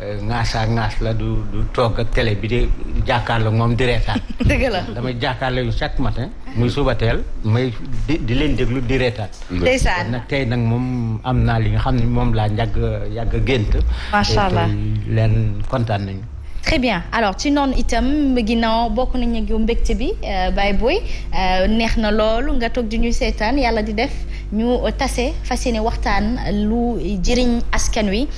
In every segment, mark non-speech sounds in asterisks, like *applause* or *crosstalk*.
ŋaasaa euh, ŋaas la du du toog ak télé bi di jàkkaarloo moom di reetaan. *laughs* la damay jàkkaarloo chaque matin. muy suba teel may di leen déglu di reetaan. ndeysaan nag tey nag moom am naa li nga xam ne moom laa njàgg yàgg gént. macha allah leen kontaan nañu. très bien alors ci noonu itam ginnaaw bokk nañ ak yow mbégte bi euh, Baye Boye euh, neex na loolu nga toog di ñuy seetaan yàlla di def. ñu tase fas yéene waxtaan lu jëriñ askan wi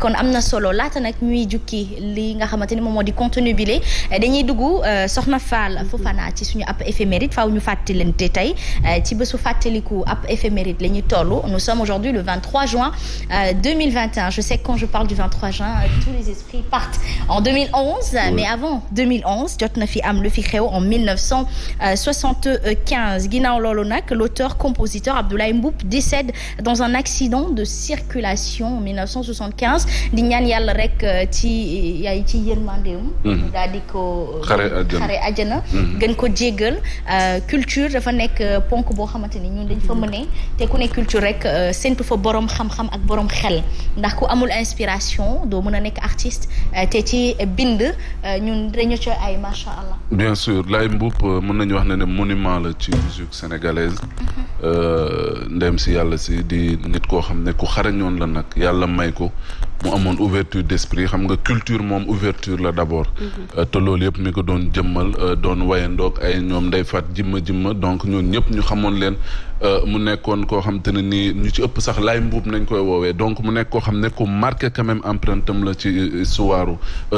kon am na solo laata nag ñuy jukki li nga xamante ni moom moo di contenu bi le dañuy dugg euh, soxna Fall Fofana ci suñu ab éphéméride faaw ñu fàttalante tey euh, ci bésu fàttaliku ab éphéméride la ñuy toll nous sommes aujourd'hui le 23 juin 2021 euh, je sais que quand je parle du 23 juin tous les esprits partent en mais avant 2011 jot na fi am lu fi xew en 1975 ginnaaw loolu nag l'auteur compositeur Abdoulaye Mboup décède dans un accident de circulation en 1975 di ñaan yàlla rek euh, ci euh, yaay ci yërmandeem. Um. Mhm. daal di ko. Euh, xare àjjana mhm. gën ko jéggal culture dafa nekk ponk boo xamante ni ñun dañ fa mhm. mëne te ku nekk culture rek séntu fa borom xam-xam ak borom xel ndax ku amul inspiration doo mën a nekk artiste te ci bind ñun dañu ci ay macha allah. bien sûr Laye Mboup mën nañu wax ne ne monument la ci musique sénégalaise. ndem si yàlla si di nit koo xam ne ku xarañoon la nag yàlla may ko mu amoon ouverture d'esprit xam nga culture moom ouverture la d'abord mhm. euh, te loolu yëpp mi ko doon jëmmal euh, doon wayandoog ay ñoom nday faat jimma jimma donc ñoon ñëpp ñu xamoon leen euh, mu nekkoon koo xam ne nii ñu ci ëpp sax laay mbuub nañ koy woowee donc mu nekk koo xam ne ku marqué quand même empreinte am la ci suwaaru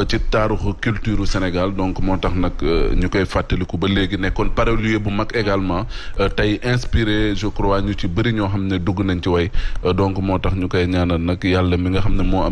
ci taaruxu culture Sénégal donc moo tax nag ñu koy fàttaliku ba léegi nekkoon parolier bu mag également tey inspiré je crois ñu ci bëri ñoo xam ne dugg nañ ci way donc moo tax ñu koy ñaanal nag yàlla mi nga xam ne moo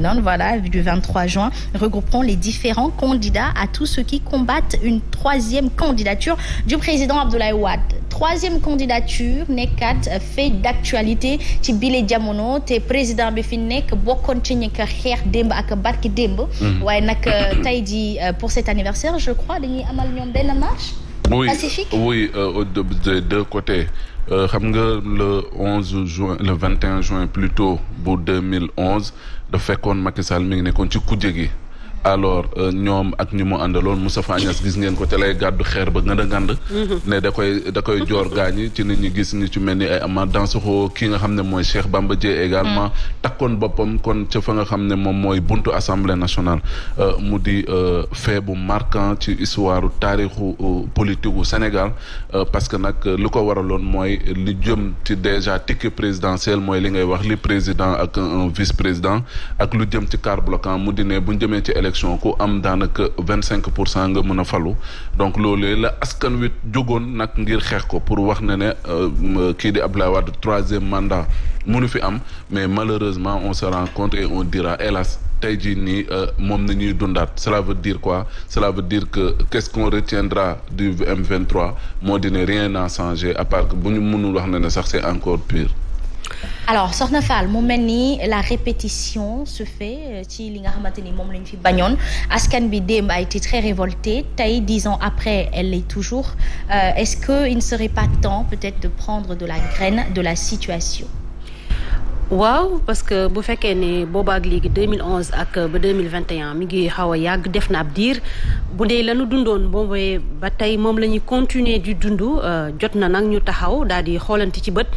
noonu voilà du 23 juin regrouperont les différents candidats à tous ceux qui combattent une troisième candidature du président Abdoulaye Wade troisième candidature nekkat fait d'actualité ci bile jamono te président bi fi nekk bokkoon ci ñi ko xeex démb ak barki démb mhm. waaye nag euh, tey jii euh, pour cet anniversaire dañuy amal ñoom benn oui, pacifique Oui, euh, deux de, de deux côtés. Euh, xam nga le 11 juin le vingt 21 juin bu tôt mille 2011 da fekkoon Macky Sall mi ngi nekkoon ci kujje gi alors euh, ñoom ak ñi mu àndaloon Moustapha Niass gis ngeen ko te lay gàddu xeer ba ngand a ngand mhm. ne da koy da joor gaañi ci nit ñi gis ñu ci mel ni ay ama Dansokho ki nga xam ne mooy Cheikh Bamba Dièye également mhm. takkoon boppam kon ca fa nga xam ne moom mooy buntu assemblée nationale euh, mu di euh, fait bu marquant ci histoire tarixu politique wu Sénégal parce que nag lu ko waraloon mooy li jëm ci déjà ticket présidentiel mooy li ngay wax li président ak un vice président ak lu jëm ci quart bloquant mu di ne bu ñu jëmee ci élection élection ku am daanaka vingt cinq pour cent nga mën a falu donc loolu la askan wi jugoon nag ngir xeex ko pour wax ne ne euh, kii di Abdoulaye Wade troisième mandat mënu fi am mais malheureusement on se rend compte et on dira hélas tey jii nii euh, moom na ñuy dundaat cela veut dire quoi cela veut dire que qu'est-ce qu'on retiendra du m moo di ne rien n'a changé à part bu ñu mënul wax ne ne sax c'est encore pire alors Soxna Fall mu mel ni la répétition se fait euh, ci li nga xamante ni moom lañ fi bañoon askan bi démb a été très révolté tey dix ans après elle l'est toujours euh, est-ce que il ne serait pas temps peut-être de prendre de la graine de la situation waaw parce que bu fekkee ne boobaak léegi 2011 ak euh, ba 2021 mi ngi xaw a yàgg def na ab diir bu dee lanu dundoon boobee ba tey moom la ñuy continuer di dund euh, jot na nag ñu taxaw daal di xoolante ci bët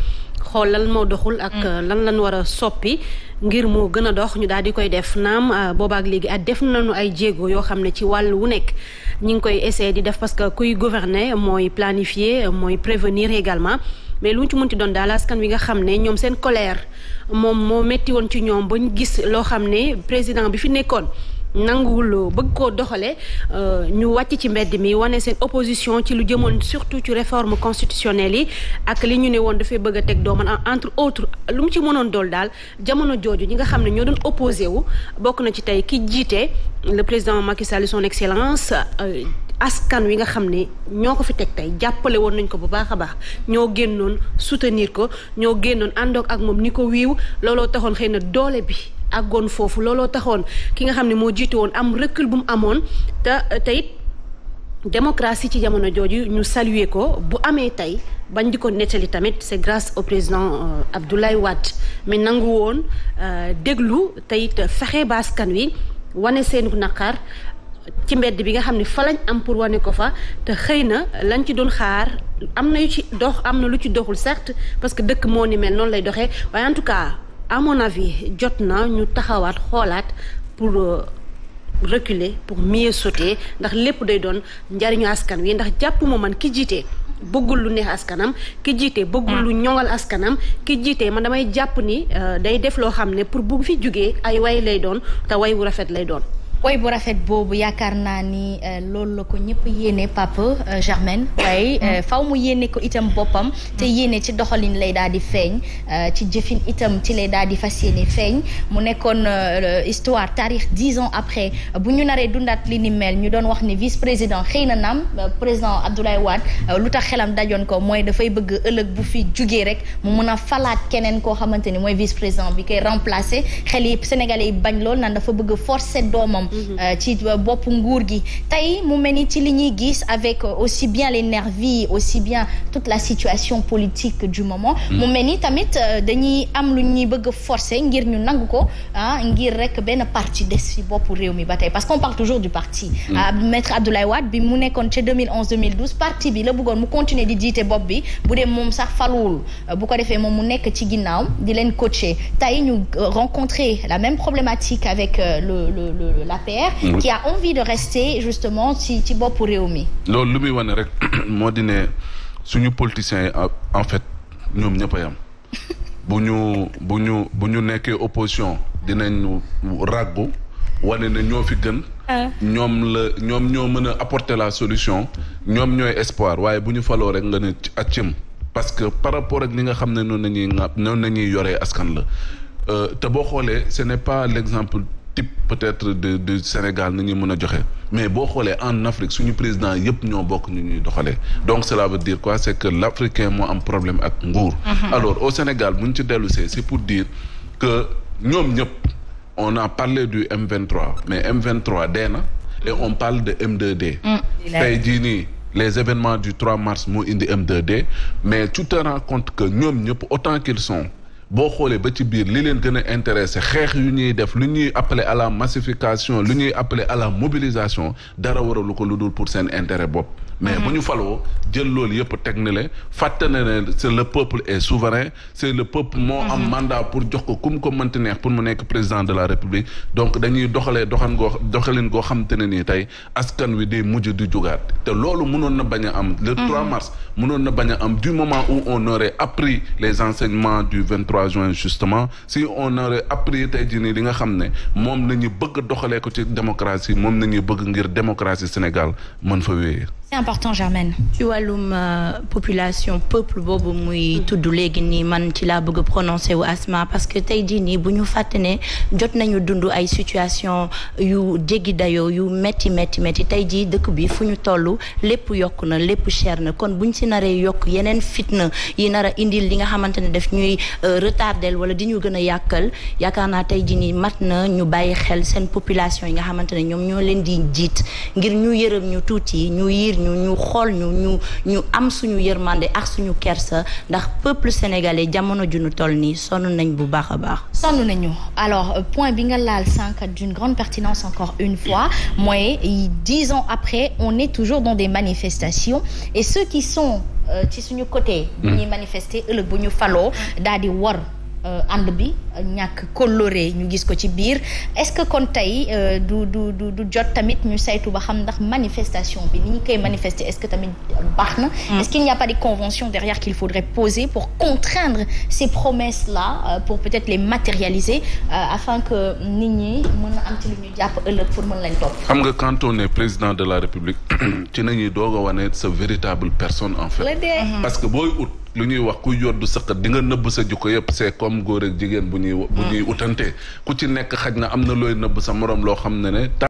xool lan moo doxul ak mm. euh, lan lan war a soppi ngir moo gën a dox ñu daal di koy def naam boobaak léegi ak def nañu ay jéego yoo xam ne ci wàll wu nekk ñi ngi koy essayer di def parce que kuy gouverner mooy planifier mooy prévenir également mais lu ñu ci mënti doon daal askan wi nga xam ne ñoom seen colère moom moo metti woon ci ñoom ba ñu gis loo xam ne président bi fi nekkoon nanguwul bëgg koo doxale euh, ñu wàcc ci mbedd mi wane seen opposition ci lu jëmoon surtout ci réforme constitutionnelle yi ak li ñu ne woon dafay bëgg a teg dooman entre autres lu mu ci mënoon dool daal jamono jooju ñi nga xam ne ñoo doon opposé wu bokk na ci tey ki jiite le président Macky Sall son excellence euh, askan wi nga xam ne ñoo ko fi teg tey jàppale woon nañ ko bu baax a baax ñoo génnoon soutenir ko ñoo génnoon àndoog ak moom ni ko wiiw looloo taxoon xëy na doole bi àggoon foofu looloo taxoon ki nga xam ne moo jiitu woon am recul bu mu amoon te teyit démocratie ci jamono jooju ñu saluer ko bu amee tey bañ di ko nettali tamit c'est grâce au président euh, Abdoulaye Wade mi nangu woon euh, déglu teyit fexe ba askan wi wane seenu naqar ci mbedd bi nga xam ne fa lañ am pour wane ko fa te xëy na lañ ci doon xaar am na yu ci dox am na lu ci doxul certes parce que dëkk moo ni mel noonu lay doxee waaye en tout cas à mon avis jot na ñu taxawaat xoolaat pour. Euh, reculer pour mieux sauter ndax lépp day doon njariñu askan wi ndax jàpp ma man ki jiite bëggul lu neex askanam ki jiite bëggul lu ñoŋal askanam ki jiite man damay jàpp ni euh, day def loo xam ne pour bu fi jógee ay way lay doon te way wu rafet lay doon koy bu rafet boobu yaakaar naa ni euh, loolu la ko ñëpp yéene Pape euh, Germaine waaye euh, mm-hmm. faw mu yéene ko itam boppam te mm-hmm. yéene ci doxalin lay daal di feeñ ci jëfin itam ci lay daal di fas yéene feeñ mu nekkoon histoire tarix dix ans après bu ñu naree dundaat li ni mel ñu doon wax ni vice président xëy na naam président Abdoulaye Wade lu tax xelam dajoon ko mooy dafay bëgg ëllëg bu fi jugee rek mu mun a falaat keneen koo xamante ni mooy vice président bi koy remplacer xel yi Sénégalais yi bañ lool nan dafa bëgg forcer doomam Euh, ci bopp nguur gi tey mu mel ni ci li ñuy gis avec euh, aussi bien les nervis aussi bien toute la situation politique du moment mm. mu mel ni tamit euh, dañuy am lu ñuy bëgg force ngir ñu nangu ko ah ngir rekk benn parti des ci bopp réew mi ba tey parce qu'on parle toujours du parti mm. ah, maître Abdoulaye Wade bi mu nekkoon ca 2011 2012 parti bi la bëggoon mu continuer di jiite bopp bi bu dee moom sax faluwul bu ko defee moom mu nekk ci ginnaaw di leen coacher tey ñu rencontrer la même problématique avec le le le APR. qui a envie de rester justement ci ci boppu réew mi. loolu lu muy wane rek *clears throat* moo di ne suñu politiciens yi ah, en fait ñoom ñëpp a yam *laughs* bu ñu bu ñu bu ñu nekkee opposition dinañ ràggu wane na ñoo fi gën. Ah. ñoom la ñoom ñoo mën a apporter la solution ñoom ñooy espoir waaye bu ñu faloo rek nga ne ak cim parce que par rapport ak li nga xam ne noonu la ñuy noonu la ñuy yoree askan la euh, te boo xoolee ce n'est pas l'exemple type peut-être de Sénégal ni ñuy mën a joxe mais boo xoolee en Afrique suñu président yëpp ñoo bokk ñu ñuy doxalee donc cela veut dire quoi c'est que l'Africain moo am problème ak nguur mm-hmm. alors au Sénégal mu ñu ci dellu see c'est pour dire que ñoom ñëpp on a parlé du m mais M23 dee na et on parle de M2D mm. tey jii ni les événements du 3 mars moo indi M2D mais tu te rends compte que ñoom ñëpp autant qu'ils sont boo xoolee ba ci biir li leen gën a intéressé xeex yu ñuy def lu ñuy appelé à la massification lu ñuy appelé à la mobilisation dara waralu ko lu dul pour seen intérêt bopp mais bu ñu mhm. faloo jël loolu yëpp teg na le fàtte na ne c'est le peuple est souverain c'est le peuple moo am mhm. mandat pour jox ko ku mu ko mënti neex pour mu nekk président de la république donc dañuy doxalee doxan goo doxalin goo xam te ne nii tey askan wi day mujj di jugaat te loolu mënoon na bañ a am le 3 mhm. mars mënoon na bañ a am du moment où on aurait les enseignements du 23 juin justement si on aurait appris tey jii nii li nga xam ne moom la ñu bëgg doxalee ko ci démocratie moom la ñuy bëgg ngir démocratie Sénégal mën fa wéyee c'est important Germaine. ci wàllum euh, population peuple boobu muy tudd léegi nii man ci laa bëgg a prononcé wu asma parce que tey jii nii bu ñu fàtte jot nañu dund ay situation yu jéggi dayoo yu métti métti métti tey jii dëkk bi fu ñu toll lépp yokk na lépp cher na kon buñ si naree yokk yeneen fitna yi nar a indil li nga xamante ne daf ñuy euh, retardel wala di ñu gën a yàkkal yaakaar naa tey jii nii mat na ñu bàyyi xel seen population yi nga xamante ñoom ñoo leen di jiit ngir ñu yërëm ñu tuuti ñu yiir ñu ñu xool ñu ñu ñu am suñu yërmande ak suñu kersa ndax peuple sénégalais jamono ju ñu toll nii sonnu nañ bu baax a baax. sonn nañu alors euh, point bi nga laal sànq d'une grande pertinence encore une fois mooy dix ans après on est toujours dans des manifestations et ceux qui sont euh, ci suñu côté. bu ñuy hmm. manifester ëllëg bu ñu faloo hmm. daal di war. Euh, ànd bi ñàkk coloré ñu gis ko ci biir est-ce que kon tey euh, du du du du jot tamit ñu saytu ba xam ndax manifestation bi ni ñu koy manifester est-ce que tamit baax na. Mm. est-ce qu'il n'y a pas des conventions derrière qu'il faudrait poser pour contraindre ces promesses-là euh, pour peut-être les matérialiser afin que nit ñi mën a am ci lu ñu jàpp ëllëg pour mën lañ topp. xam nga quand on président de la République *coughs* ci nañuy doog a wane sa véritable personne en fait. que booy lu ñuy wax ku du sëqat di nga nëbb sa jikko yëpp c'est comme góor ak jigéen bu ñuy bu ñuy mm. utante ku ci nekk xaj na am na looy nëbb sa morom loo xam ne ne